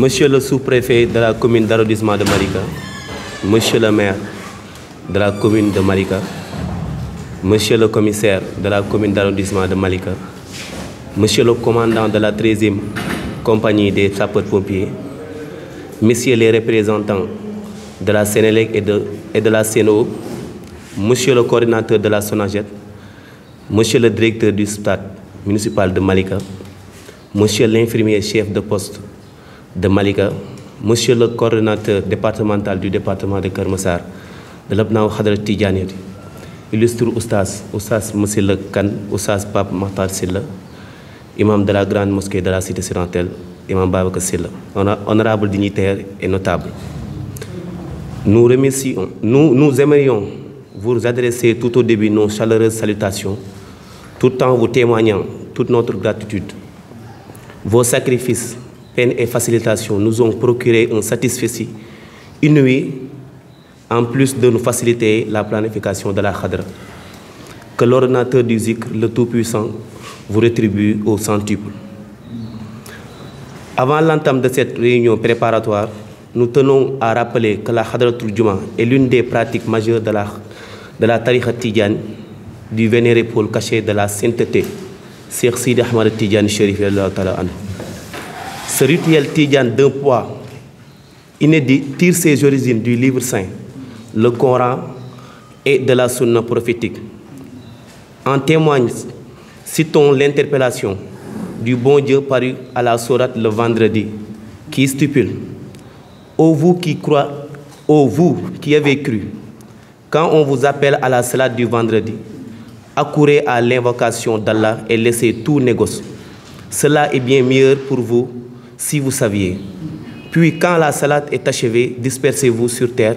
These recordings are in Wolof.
Monsieur le sous-préfet de la commune d'arrondissement de Malika, Monsieur le maire de la commune de Malika, Monsieur le commissaire de la commune d'arrondissement de Malika, Monsieur le commandant de la 13e compagnie des sapeurs-pompiers, Messieurs les représentants de la Sénélec et de, la CNO, Monsieur le coordinateur de la Sonaget, Monsieur le directeur du stade municipal de Malika, Monsieur l'infirmier chef de poste de Malika, Monsieur le coordonnateur départemental du département de Kermassar, de l'Abnaou Khadra Tidjanir, illustre Oustaz, Oustaz Monsieur le Khan, Pape Mahtar Silla, imam de la grande mosquée de la cité sirentelle, imam Babak Silla, honorable dignitaire et notable. Nous remercions, nous, nous aimerions vous adresser tout au début nos chaleureuses salutations, tout en vous témoignant toute notre gratitude. Vos sacrifices, et facilitation nous ont procuré un satisfait nuit en plus de nous faciliter la planification de la Khadra. Que l'ordinateur du Zikr, le Tout-Puissant, vous rétribue au centuple. Avant l'entame de cette réunion préparatoire, nous tenons à rappeler que la Khadra Juma est l'une des pratiques majeures de la, de la Tariqa Tidjane, du vénéré pôle caché de la sainteté, Sir Sidi Ahmad Tidjane Sherif ce rituel tidjan d'un poids inédit tire ses origines du livre saint, le Coran et de la sunna prophétique. En témoigne, citons l'interpellation du bon Dieu paru à la sourate le vendredi, qui stipule Ô vous qui croyez, ô vous qui avez cru, quand on vous appelle à la salade du vendredi, accourez à l'invocation d'Allah et laissez tout négocier. Cela est bien meilleur pour vous si vous saviez. Puis quand la salade est achevée, dispersez-vous sur terre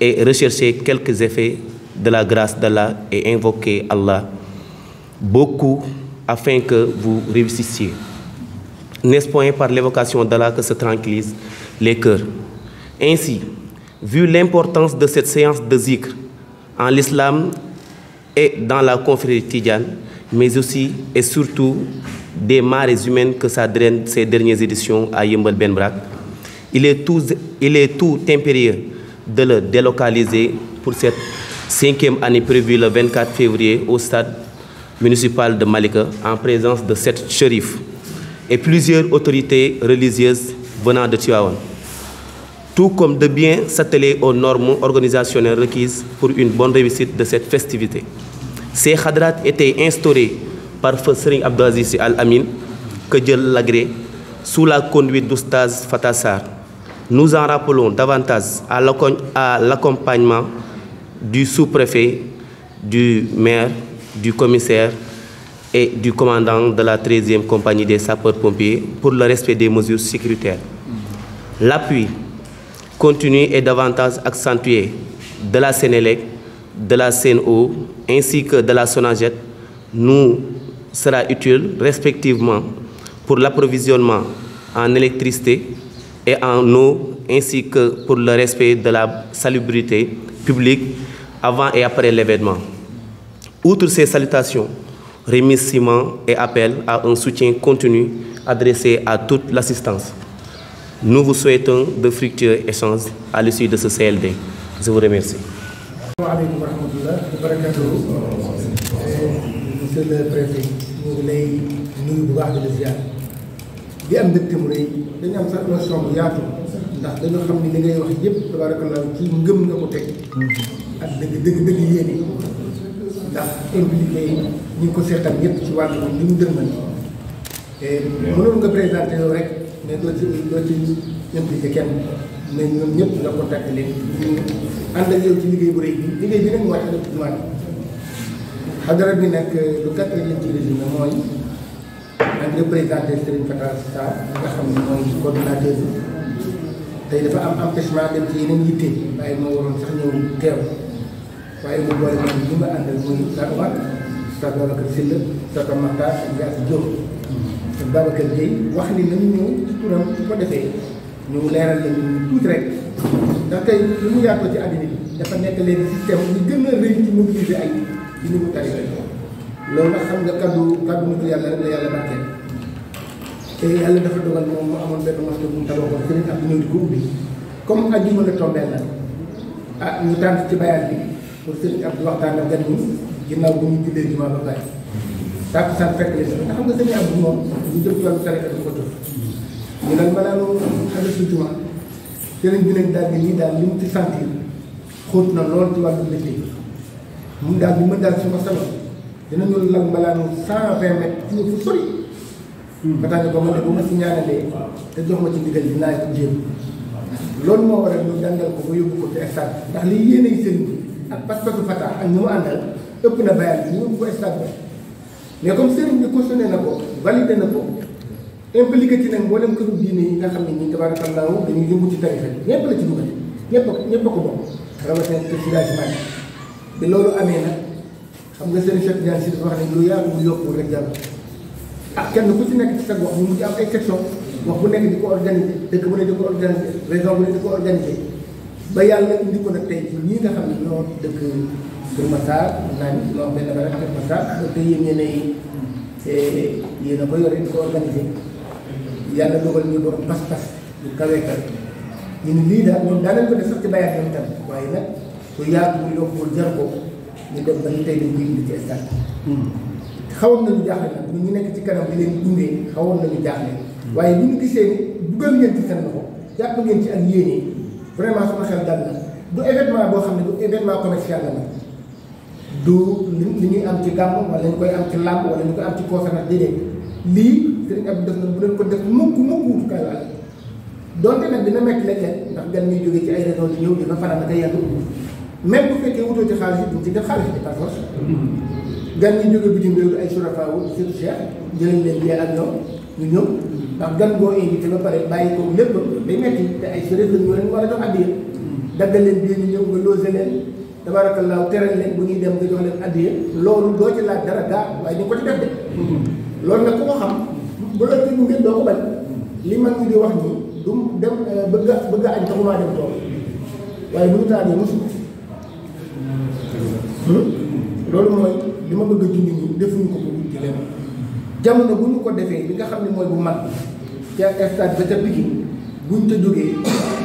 et recherchez quelques effets de la grâce d'Allah et invoquez Allah beaucoup afin que vous réussissiez. N'est-ce point par l'évocation d'Allah que se tranquillisent les cœurs Ainsi, vu l'importance de cette séance de zikr en l'islam et dans la confrérie tidiane, mais aussi et surtout des marées humaines que ça draine ces dernières éditions à Yembel Ben Brak. Il est, tout, il est tout impérieux de le délocaliser pour cette cinquième année prévue le 24 février au stade municipal de Malika en présence de sept shérifs et plusieurs autorités religieuses venant de Tiawan. Tout comme de bien s'atteler aux normes organisationnelles requises pour une bonne réussite de cette festivité. Ces khadrats étaient instaurés par feu Serigne Al Amin que Dieu lagré sous la conduite d'Oustaz Fatassar... Nous en rappelons davantage à l'accompagnement du sous-préfet, du maire, du commissaire et du commandant de la 13e compagnie des sapeurs-pompiers pour le respect des mesures sécuritaires. L'appui continue et davantage accentué de la Sénélec, de la CNO ainsi que de la Sonagette nous sera utile respectivement pour l'approvisionnement en électricité et en eau, ainsi que pour le respect de la salubrité publique avant et après l'événement. Outre ces salutations, remerciements et appel à un soutien continu adressé à toute l'assistance. Nous vous souhaitons de fructueux échanges à l'issue de ce CLD. Je vous remercie. lay nuyu bu baax di la ziar am mbégte mu rëy dañu am sax notion bu yaatu ndax dañoo xam ne li ngay wax yëpp tabaarakallah ci ngëm nga ko teg mm-hmm. ak dëgg dëgg dëgg yéene ndax impliqué ñu ko seetal ñëpp ci wàllu li mu dëgmal mënoon nga présenté yow rek mais doo ci doo ci impliqué kenn mais ñoom ñëpp nga contacté leen ñu ànd ak yow ci liggéey bu rëy bi liggéey bi nag mooy électronique xadara bi nag lu gàtt rek lañ ci résumé mooy dañ représenté Serigne Fatal Sarr nga xam ne mooy coordinateur bi tey dafa am empêchement dem ci yeneen yitte waaye moo waroon sax ñëw teew waaye mu boole moom li ma àndal muy sa Omar sa Babacar Sylla sa Tamata ak Gass Diop sa Babacar Gueye wax ni nañu ñëw ci turam su ko defee ñu leeral la ñu tuuti rek ndax tey lu mu yàqoo ci àddina bi dafa nekk léegi système ñu gën a rëy ci mobiliser ay ci li mu loolu nag xam nga kaddu kaddu nitu yàlla rek la yàlla barkeel te yàlla dafa dogal moom mu amoon benn waxtu bu mu tabaxoon fële ak ñëw di ko ubbi comme ajjuma la tombeel nag ah ñu tànn ci ak gan ñi ginnaaw ba pare tàkk saan fekk leen nga xam nga sëriñ Abdou moom ñu jëm ci wàllu tariqa du ko tëf ñu nag malaanu xale su jumaa sëriñ bi nag daal di ñii daal li mu ci sentir xóot na lool ci wàllu liggéey mun daal ñu mën daal su ma sañoon dinañu lal mbalaanu cent vingt mètres ci fu sori. Hmm. ba tax ne ba mu ne ba mu te jox ma ci ndigal dinaa ko jéem. loolu moo waral ñu jàngal ko ba yóbbu ko ci stade ndax li yéene yi seen ak pas-pasu Fata ak ñu mu àndal ëpp na bayal ñu yóbbu ko stade ba mais comme sëriñ bi cautionné na ko validé na ko impliqué ci nag mboolem këru diine yi nga xam ne ñi tabaarakallahu dañuy yëngu ci tarixa bi ñëpp la ci dugal ñëpp ko bokk rawatina ci bi loolu amee nag xam nga seen chef ñaan si dafa wax ne lu yaaguwul yokkul rek jàll ak ah, kenn ku si nekk ci sa gox ñu mujj am ay section wax bu nekk di ko organiser dëkk bu ne di ko organiser région bu ne di ba yàlla indi ko nag tey ci nga xam ne ñoo dëkk Kër Massar naan ñoo benn benn Kër Massar te yéen ñee ne a ko yore di ko organiser yàlla dogal ñu borom pas-pas lu kawee kawe ñu ne lii daal ñoom daanaka ko def sax ci bayaat ñoom tam waaye nag to yaatu mu yóbbu jar ko ñu dem ba tey dañ koy indi ci stade xawoon nañu jaaxle nag ñu nekk ci kanam di ni dugal ngeen ci seen loxo jàpp ngeen ci ak yéene vraiment sama xel dal du événement boo xam du li ñuy am ci gàmm wala ñu koy am ci làmb wala ñu koy am ci conférence déedéet lii sëriñ ab def na bu leen donte dina mek lekk ndax gan ñuy jógee ci ay région di ñëw dina fanaan ak même bu fekkee wutoo ci xaalis bi duñ ci def xaalis bi par force gan ñi jóge bitim réew ay surafa ak ñoom ñu ñëw ndax gan boo invité ba pare bàyyi ko lépp day metti te ay sëriñ la ñu leen war a jox addiya daggal leen bii ñu ñëw nga loose leen tabaarakallaahu teral leen bu ñuy dem nga jox leen addiya loolu doo ci laaj dara gaa waaye ñu ko ci def loolu nag ku ko xam bu la ci ngeen doo ko bañ li mag ñi di wax nii du dem eh, bëgg a bëgg a añ taxumaa dem tool waaye bu ñu taajee loolu mooy li ma bëgg a junj ñi defuñu ko ko wut ji leen jamono bu ñu ko defee li nga xam ne mooy bu mag ca stade ba ca Pikine buñ ca jógee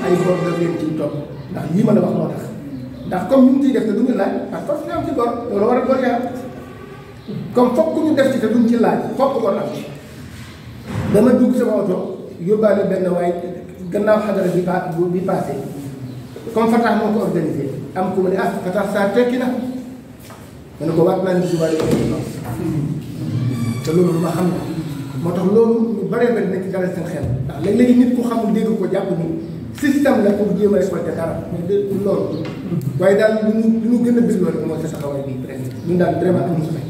ay bor daf leen ciy topp ndax lii ma ne wax moo tax ndax comme ñu ngi def te duñu laaj parce que foofu ñu am ci bor loolu war ñu def ci te duñ ci laaj fokk ko tax dama dugg sama oto yóbbaale benn waaye gannaaw xadara bi pa bi passé comme Fatah moo ko organisé am ku ma ne ah Fatah saa tekki na ñu ko waat naa ne te ma xam na moo ñu bare bari nekk dara seen xel ndax léeg-léeg nit ku xamul dégg ko jàpp ni système la pour jéem a récolter dara mais de loolu waaye daal lu mu lu bis loolu mooy sa taxawaay bi presque ñun daal vraiment amuñu fay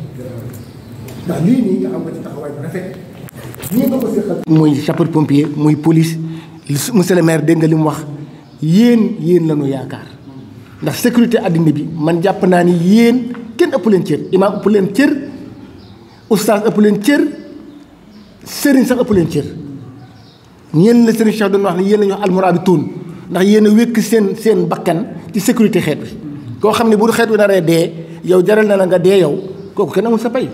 ndax lii nii nga xam nga ci taxawaay bu rafet pompier police monsieur le maire nga wax ndax sécurité bi man ni Ken ëpp leen cër imaam ëpp leen cër oustaz ëpp leen cër sëriñ sax ëpp leen cër ñeen la sëriñ Cheikh doon wax ne yéen la ñu wax almuraabituun ndax yéen a wékk seen seen bakkan ci sécurité xeet bi koo xam ne bu xeet bi naree dee yow jaral na la nga dee yow kooku kenn amul sa pay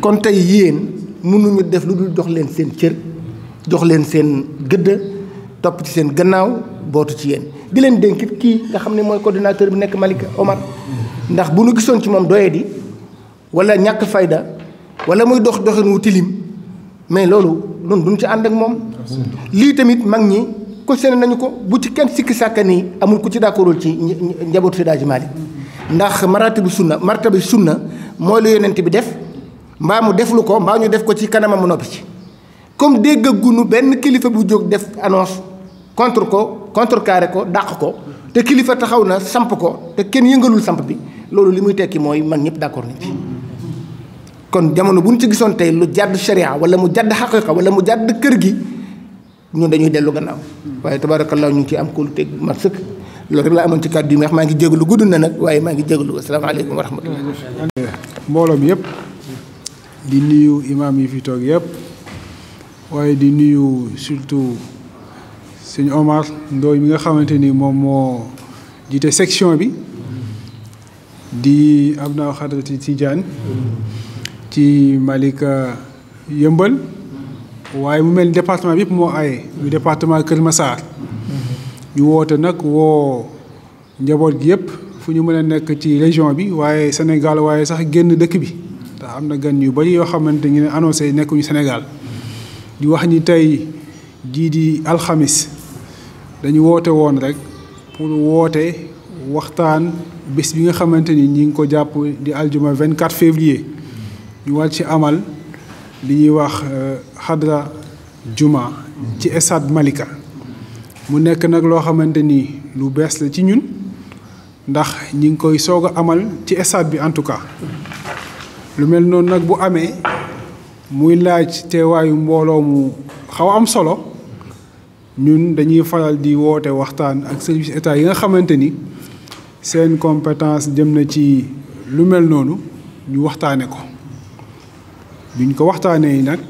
kon tey yéen mënuñu def lu dul jox leen seen cër jox leen seen gëdd topp ci seen gannaaw bootu ci yéen di leen dénkit kii nga xam ne mooy coordinateur bi nekk Malick Omar ndax bu nu gisoon ci moom doyee di wala ñàkk fayda wala muy dox doxin wu tilim mais loolu noonu duñ ci ànd ak moom lii tamit mag ñi ko concerné nañu ko bu ci kenn sikki sàkka nii amul ku ci d'accordul ci njabootu Seydi Hadji Malick ndax maratibu sunna bi sunna mooy lu yonent bi def mbaa mu deflu ko mbaa ñu def ko ci kanamam mu noppi ci comme dégg gunu benn kilifa bu jóg def annonce contre ko contre contrecarré ko dàq ko te kilifa taxaw na samp ko te kenn yëngalul samp bi loolu li muy tekki mooy mag ñëpp d'accord nañ ci kon jamono bu ñu ci gisoon tey lu jàdd sharia wala mu jàdd xaqiqa wala mu jàdd kër gi ñun dañuy dellu gannaaw waaye tabarakallah ñu ngi ciy am kóolu teg mat sëkk loolu rek laa amoon ci kàddu yi meex maa ngi jégalu gudd na nag waaye maa ngi jégalu asalaamaaleykum wa rahmatullah mbooloo mi yëpp di nuyu yi fi toog yëpp waaye di nuyu sëñ Omar Ndoye mi nga xamante ni moom moo jiite section bi di Abnaa Xadrati Tijaan ci Malika Yëmbal waaye mu mel ni département bi yëpp moo aye mu département Kër Massar ñu woote nag woo njaboot gi yëpp fu ñu mën a nekk ci région bi waaye Sénégal waaye sax génn dëkk bi te am na gan yu bari yoo xamante ñu ne annoncé nekkuñu Sénégal di wax ni tey jii di alxamis dañu woote woon rek pour woote waxtaan bés bi nga xamante ni ñi ngi ko jàpp di aljuma 24 février ñu war ci amal li ñuy wax xadra euh, juma ci estade Malika mu nekk nag loo xamante ni lu bees la ci ñun ndax ñi ngi koy soog a amal ci estade bi en tout cas lu mel noonu nag bu amee muy laaj teewaayu mbooloo mu xaw am solo ñun dañuy faral di woote waxtaan ak service état yi nga xamante ni seen compétence jëm na ci lu mel noonu ñu waxtaane ko biñ ko waxtaanee nag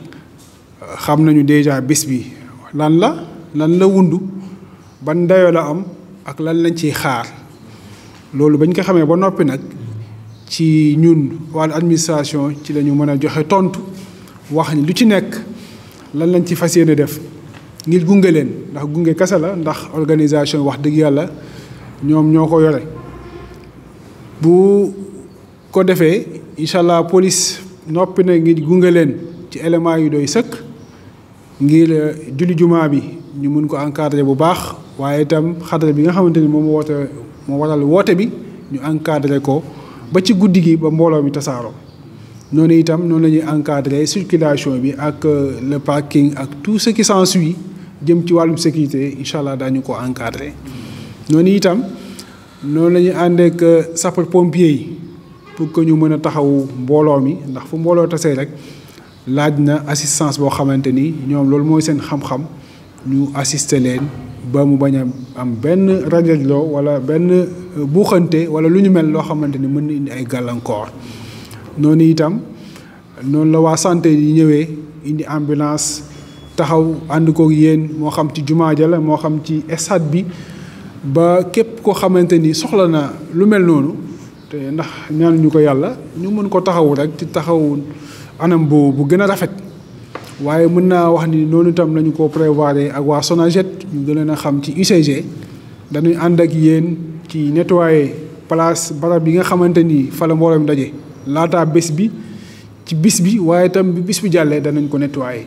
xam nañu déjà bis bi lan la lan la wundu ban dayoo la am ak lan lañ ci xaar loolu bañ ko xamee ba noppi nag ci ñun wàllu administration ci lañu mën a joxe tontu wax ni lu ci nekk lan lañ ci fas yéene def ngir gunge leen ndax gunge kese la ndax organisation wax dëgg yàlla ñoom ñoo ko yore bu ko defee incha allah police noppi na ngir gunge leen ci élément yu doy sëkk ngir euh, julli jumaa bi ñu mun ko encadrer bu baax waaye itam xadara bi nga xamante ni moom woote moo waral woote bi ñu encadrer ko ba ci guddi gi ba mbooloo mi tasaaroo noonu itam noonu la ñuy encadrer circulation bi ak euh, le parking ak tout ce qui s'ensuit jëm ci wàllum sécurité incha allah daañu ko encadré noonu itam noonu la ñu ànd ak euh, sapeur yi pour que ñu mën a taxawu mbooloo mi ndax fu mbooloo tasee rek laaj na assistance boo xamante ni ñoom loolu mooy seen xam-xam ñu assister leen ba mu bañ a am benn rajajloo wala benn euh, buuxante wala lu ñu mel loo xamante ni mën na indi ay gàllankoor noonu itam noonu la waa santé yi ñëwee indi ambulance taxaw ànd ko yeen moo xam ci jumaa ja la moo xam ci stade bi ba kep ko xamante ni soxla na lu mel te ndax ñaanuñu ko yàlla ñu mën ko taxawu rek ci taxawu anam bu bu gën rafet waaye mën naa wax ni noonu itam lañu ko prévoir ak waa Sonaget ñu gën a xam ci UCG dañuy ànd ak yéen ci nettoyer place barab yi nga fa la daje laataa bi ci bis bi bi bis bi jàllee ko nettoyer.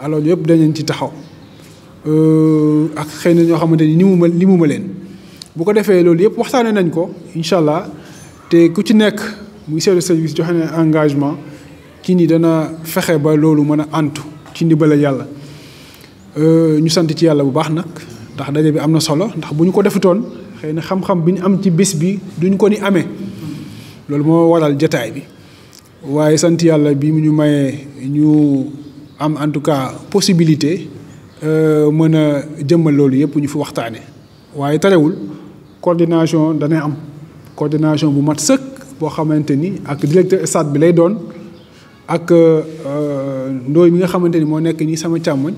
alors yëpp danañ ci taxaw euh ak xeyna ñoo xamanteni ni mu ma li mu ma bu ko defee loolu yëpp waxtaane nañ ko inshallah te ku ci nekk muy chef de service joxe ne engagement ki ni dana fexe ba loolu mën a antu ci ndimbala yàlla ñu sant ci yàlla bu baax nag ndax daje bi am na solo ndax bu ñu ko defutoon xëy na xam-xam bi ñu am ci bés bi duñ ko ni amee loolu moo waral jataay bi waaye sant yàlla bi mu ñu mayee ñu am en tout cas possibilité euh, mën a jëmmal loolu yëpp ñu fi waxtaane waaye terewul coordination danay am coordination bu mat sëkk boo xamante ni ak directeur stade bi lay doon ak euh, euh, ndooy mi nga xamante ni moo nekk nii sama càmmoñ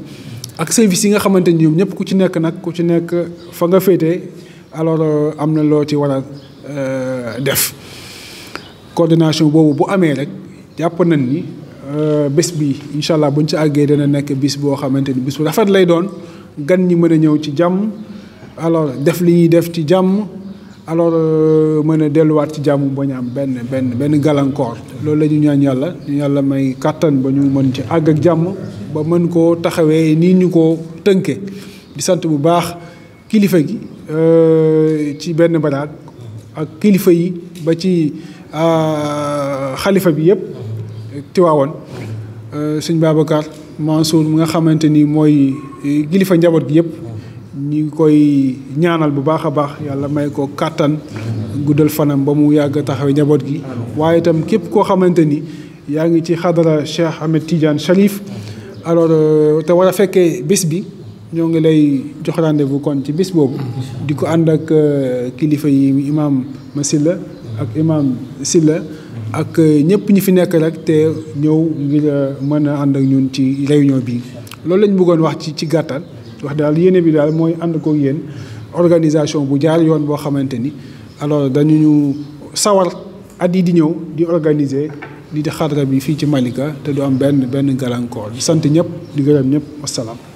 ak service yi nga xamante ni ñoom ñëpp ku ci nekk nag ku ci nekk fa nga féete alors am na loo ci war a def coordination boobu bu amee rek jàpp nañ ni. Euh, bés bi incha allah buñ ci àggee dana nekk bis boo xamante ni bis bu rafet lay doon gan ñi mën a ñëw ci jàmm alors def li ñuy def ci jàmm alors euh, mën a delluwaat ci jàmm ba am benn benn benn gàllankoor loolu la ñu ñaan yàlla yàlla may kàttan ba ñu mën ci àgg ak jàmm ba mën koo taxawee nii ñu ko tënke di sant bu baax kilifa gi euh, ci benn baraag ak kilifa yi ba ci xalifa bi yëpp Tiwaawan euh, sëñ Babacar Mansour mu nga xamante ni mooy euh, kilifa njaboot gi yëpp ñu ngi koy ñaanal bu baax a baax yàlla may ko kàttan guddal fanam ba mu yàgg a taxawee njaboot gi waaye itam képp koo xamante ni yaa ngi ci xadara Cheikh Ahmed Tidiane Sharif alors euh, te war a fekkee bés bi ñoo ngi lay jox rendez-vous kon ci bis boobu di ko ànd ak kilifa yi imaam Masila ak imaam Silla ak ñëpp ñi fi nekk rek te ñëw ngir euh, mën a ànd ak ñun ci réunion bi loolu lañ bëggoon wax ci ci gàttal wax daal yéene bi daal mooy ànd koog yéen organisation bu jaar yoon boo xamante ni alors dañu ñu sawar at yi di ñëw di organiser di xadra bi fii ci Malika te du am benn benn gàllankoor sant ñëpp di gërëm ñëpp wasalaam